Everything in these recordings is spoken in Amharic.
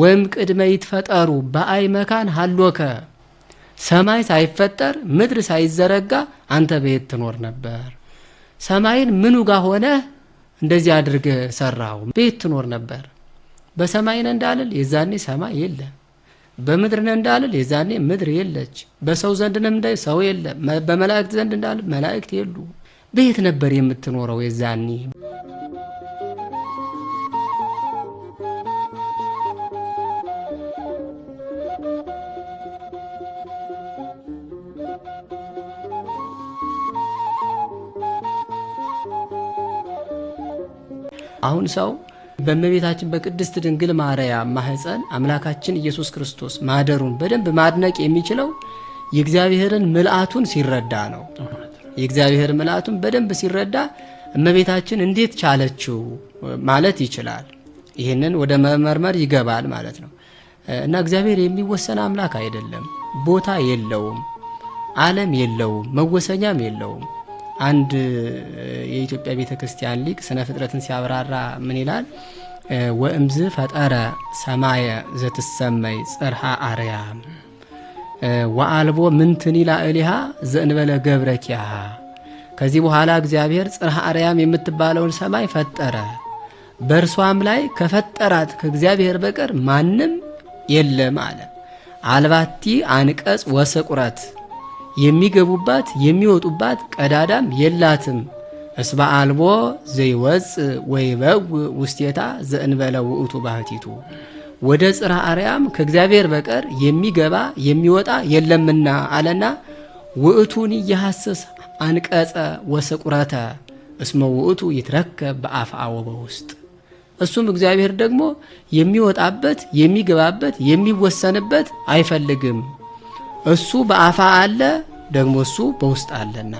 ወይም ቅድመ ይትፈጠሩ በአይ መካን ሀሎከ ሰማይ ሳይፈጠር ምድር ሳይዘረጋ አንተ በየት ትኖር ነበር? ሰማይን ምኑ ጋ ሆነ እንደዚህ አድርገ ሰራው? በየት ትኖር ነበር? በሰማይን እንዳልል የዛኔ ሰማይ የለ፣ በምድር እንዳልል የዛኔ ምድር የለች፣ በሰው ዘንድ ነህ እንደ ሰው የለ፣ በመላእክት ዘንድ እንዳልል መላእክት የሉ። በየት ነበር የምትኖረው የዛኔ? አሁን ሰው በእመቤታችን በቅድስት ድንግል ማርያም ማህፀን አምላካችን ኢየሱስ ክርስቶስ ማደሩን በደንብ ማድነቅ የሚችለው የእግዚአብሔርን ምልአቱን ሲረዳ ነው። የእግዚአብሔር ምልአቱን በደንብ ሲረዳ እመቤታችን እንዴት ቻለችው ማለት ይችላል። ይህንን ወደ መመርመር ይገባል ማለት ነው እና እግዚአብሔር የሚወሰን አምላክ አይደለም። ቦታ የለውም፣ ዓለም የለውም፣ መወሰኛም የለውም። አንድ የኢትዮጵያ ቤተ ክርስቲያን ሊቅ ስነ ፍጥረትን ሲያብራራ ምን ይላል? ወእምዝ ፈጠረ ሰማየ ዘትሰመይ ጽርሃ አርያም ወአልቦ ይላ እሊሃ ዘእንበለ ገብረኪያ። ከዚህ በኋላ እግዚአብሔር ጽርሃ አርያም የምትባለውን ሰማይ ፈጠረ። በእርሷም ላይ ከፈጠራት ከእግዚአብሔር በቀር ማንም የለም አለ። አልባቲ አንቀጽ ወሰቁረት የሚገቡባት የሚወጡባት ቀዳዳም የላትም። እስበ አልቦ ዘይወፅ በግ ውስቴታ ዘእንበለ ውእቱ ባህቲቱ ወደ ጽርሐ አርያም ከእግዚአብሔር በቀር የሚገባ የሚወጣ የለምና አለና ውእቱን እያሐስስ አንቀጸ ወሰቁረተ እስመ ውእቱ ይትረከብ አወበ ውስጥ እሱም እግዚአብሔር ደግሞ የሚወጣበት የሚገባበት የሚወሰንበት አይፈልግም። እሱ በአፋ አለ ደግሞ እሱ በውስጥ አለና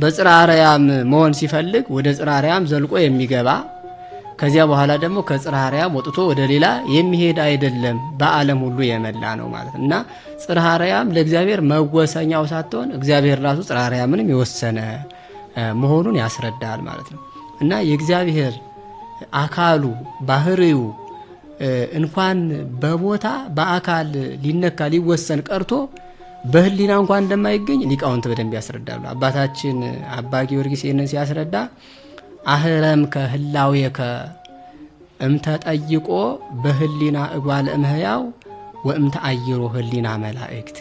በጽራርያም መሆን ሲፈልግ ወደ ጽራርያም ዘልቆ የሚገባ ከዚያ በኋላ ደግሞ ከጽራርያም ወጥቶ ወደ ሌላ የሚሄድ አይደለም። በዓለም ሁሉ የመላ ነው ማለት እና ጽራርያም ለእግዚአብሔር መወሰኛው ሳትሆን እግዚአብሔር ራሱ ጽራርያምንም የወሰነ መሆኑን ያስረዳል ማለት ነው እና የእግዚአብሔር አካሉ ባህሪው እንኳን በቦታ በአካል ሊነካ ሊወሰን ቀርቶ በህሊና እንኳን እንደማይገኝ ሊቃውንት በደንብ ያስረዳሉ። አባታችን አባ ጊዮርጊስ ይህንን ሲያስረዳ አህረም ከህላዌከ እምተጠይቆ በህሊና እጓል እምህያው ወእምተ አይሮ ህሊና መላእክት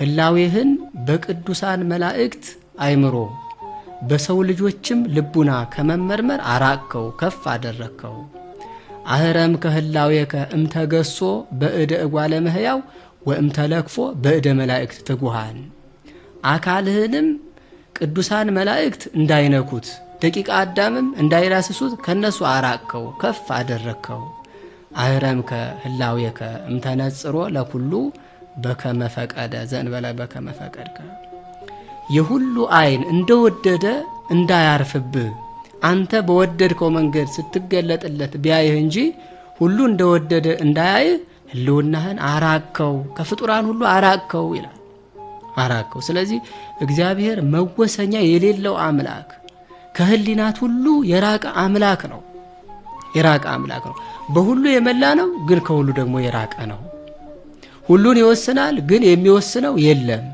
ህላዌህን በቅዱሳን መላእክት አይምሮ በሰው ልጆችም ልቡና ከመመርመር አራቅከው፣ ከፍ አደረግከው። አህረም ከህላዌ እምተገሶ በእደ እጓለ መህያው ወእምተለክፎ በእደ መላእክት ትጉሃን አካልህንም ቅዱሳን መላእክት እንዳይነኩት ደቂቃ አዳምም እንዳይዳስሱት ከነሱ አራቅከው ከፍ አደረግከው። አህረምከ ህላዌከ እምተነጽሮ ለኩሉ በከመፈቀደ ዘንበለ በከመፈቀድከ የሁሉ አይን እንደወደደ እንዳያርፍብህ አንተ በወደድከው መንገድ ስትገለጥለት ቢያይህ እንጂ ሁሉ እንደወደደ እንዳያይህ ህልውናህን አራከው ከፍጡራን ሁሉ አራከው ይላል። አራከው። ስለዚህ እግዚአብሔር መወሰኛ የሌለው አምላክ ከህሊናት ሁሉ የራቀ አምላክ ነው። የራቀ አምላክ ነው። በሁሉ የመላ ነው፣ ግን ከሁሉ ደግሞ የራቀ ነው። ሁሉን ይወስናል፣ ግን የሚወስነው የለም።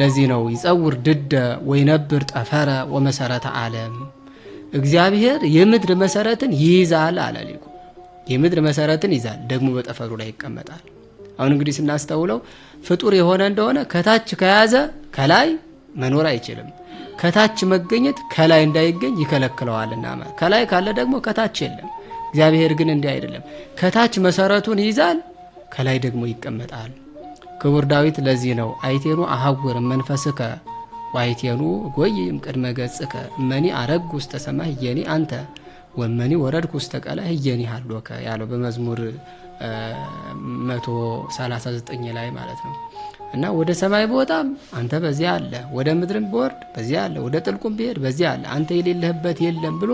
ለዚህ ነው ይጸውር ድደ ወይነብር ጠፈረ ወመሰረተ ዓለም እግዚአብሔር የምድር መሰረትን ይይዛል አለ ሊቁ። የምድር መሰረትን ይዛል ደግሞ በጠፈሩ ላይ ይቀመጣል። አሁን እንግዲህ ስናስተውለው ፍጡር የሆነ እንደሆነ ከታች ከያዘ ከላይ መኖር አይችልም። ከታች መገኘት ከላይ እንዳይገኝ ይከለክለዋልና ከላይ ካለ ደግሞ ከታች የለም። እግዚአብሔር ግን እንዲህ አይደለም። ከታች መሰረቱን ይይዛል፣ ከላይ ደግሞ ይቀመጣል። ክቡር ዳዊት ለዚህ ነው አይቴኑ አሐውር መንፈስከ ዋይቴኑ ጎይም ቅድመ ገጽከ እመኒ አረግ ውስተ ሰማይ ህየኒ አንተ ወመኒ ወረድኩ ውስተ ቀላይ ህየኒ ሃሎከ ያለው በመዝሙር 139 ላይ ማለት ነው። እና ወደ ሰማይ በወጣም አንተ በዚህ አለ፣ ወደ ምድርም በወርድ በዚህ አለ፣ ወደ ጥልቁም ብሄድ በዚህ አለ፣ አንተ የሌለህበት የለም ብሎ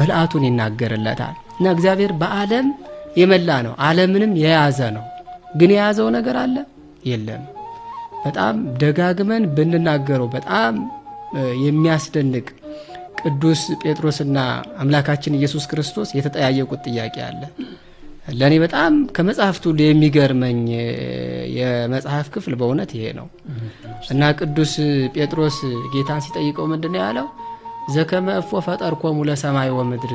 መልአቱን ይናገርለታል። እና እግዚአብሔር በዓለም የመላ ነው፣ ዓለምንም የያዘ ነው። ግን የያዘው ነገር አለ የለም። በጣም ደጋግመን ብንናገረው በጣም የሚያስደንቅ ቅዱስ ጴጥሮስና አምላካችን ኢየሱስ ክርስቶስ የተጠያየቁት ጥያቄ አለ። ለእኔ በጣም ከመጽሐፍት የሚገርመኝ የመጽሐፍ ክፍል በእውነት ይሄ ነው እና ቅዱስ ጴጥሮስ ጌታን ሲጠይቀው ምንድን ነው ያለው? ዘከመ እፎ ፈጠርኮሙ ለሰማይ ወምድር፣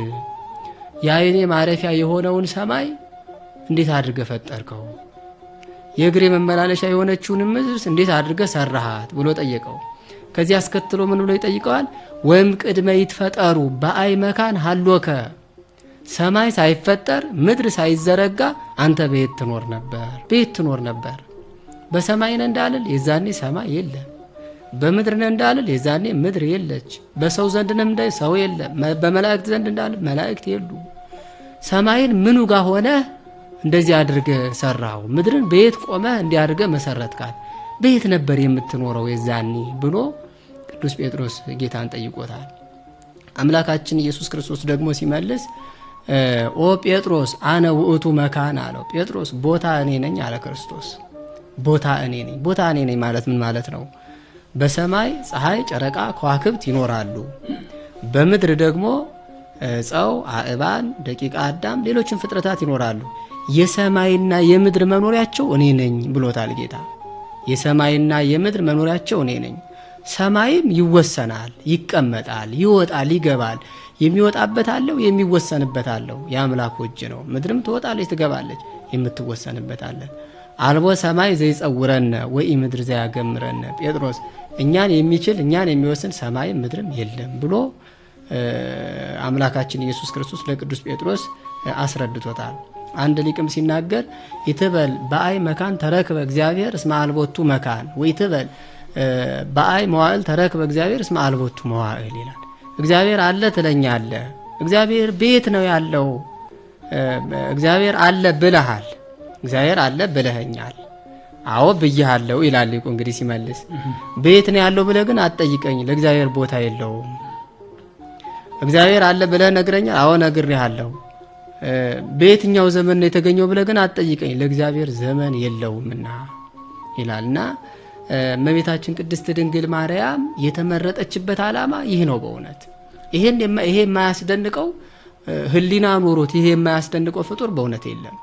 የአይኔ ማረፊያ የሆነውን ሰማይ እንዴት አድርገ ፈጠርከው? የእግሬ መመላለሻ የሆነችውን ምድር እንዴት አድርገ ሰራሃት ብሎ ጠየቀው። ከዚህ አስከትሎ ምን ብሎ ይጠይቀዋል? ወይም ቅድመ ይትፈጠሩ በአይ መካን ሀሎከ ሰማይ ሳይፈጠር ምድር ሳይዘረጋ አንተ በየት ትኖር ነበር? በየት ትኖር ነበር? በሰማይ ነህ እንዳልል የዛኔ ሰማይ የለም። በምድር ነህ እንዳልል የዛኔ ምድር የለች። በሰው ዘንድ ነህ ሰው የለም። በመላእክት ዘንድ እንዳልል መላእክት የሉ። ሰማይን ምኑ ጋር ሆነህ እንደዚህ አድርገ ሰራው ምድርን በየት ቆመ እንዲያድርገ መሰረትካት፣ በየት ነበር የምትኖረው የዛኔ ብሎ ቅዱስ ጴጥሮስ ጌታን ጠይቆታል። አምላካችን ኢየሱስ ክርስቶስ ደግሞ ሲመልስ ኦ ጴጥሮስ አነ ውእቱ መካን አለው። ጴጥሮስ ቦታ እኔ ነኝ አለ ክርስቶስ። ቦታ እኔ ነኝ። ቦታ እኔ ነኝ ማለት ምን ማለት ነው? በሰማይ ፀሐይ፣ ጨረቃ፣ ከዋክብት ይኖራሉ። በምድር ደግሞ ጸው፣ አእባን፣ ደቂቃ አዳም፣ ሌሎችም ፍጥረታት ይኖራሉ። የሰማይና የምድር መኖሪያቸው እኔ ነኝ ብሎታል ጌታ። የሰማይና የምድር መኖሪያቸው እኔ ነኝ። ሰማይም ይወሰናል፣ ይቀመጣል፣ ይወጣል፣ ይገባል። የሚወጣበት አለው፣ የሚወሰንበት አለው። የአምላኩ እጅ ነው። ምድርም ትወጣለች፣ ትገባለች፣ የምትወሰንበት አለ። አልቦ ሰማይ ዘይጸውረነ ወይ ምድር ዘያገምረነ ጴጥሮስ እኛን የሚችል እኛን የሚወስን ሰማይም ምድርም የለም ብሎ አምላካችን ኢየሱስ ክርስቶስ ለቅዱስ ጴጥሮስ አስረድቶታል። አንድ ሊቅም ሲናገር ይትበል በአይ መካን ተረክበ እግዚአብሔር እስመ አልቦቱ መካን ወይትበል በአይ መዋእል ተረክበ እግዚአብሔር እስመ አልቦቱ መዋእል ይላል። እግዚአብሔር አለ ትለኛለ። እግዚአብሔር ቤት ነው ያለው። እግዚአብሔር አለ ብለሃል። እግዚአብሔር አለ ብለኸኛል። አዎ ብያሃለው ይላል ሊቁ። እንግዲህ ሲመልስ ቤት ነው ያለው ብለህ ግን አትጠይቀኝ፣ ለእግዚአብሔር ቦታ የለውም። እግዚአብሔር አለ ብለህ ነግረኛል። አዎ ነግሬሃለሁ። በየትኛው ዘመን ነው የተገኘው ብለህ ግን አትጠይቀኝ፣ ለእግዚአብሔር ዘመን የለውምና ይላልና እመቤታችን ቅድስት ድንግል ማርያም የተመረጠችበት ዓላማ ይህ ነው። በእውነት ይሄ የማያስደንቀው ህሊና ኖሮት ይሄ የማያስደንቀው ፍጡር በእውነት የለም።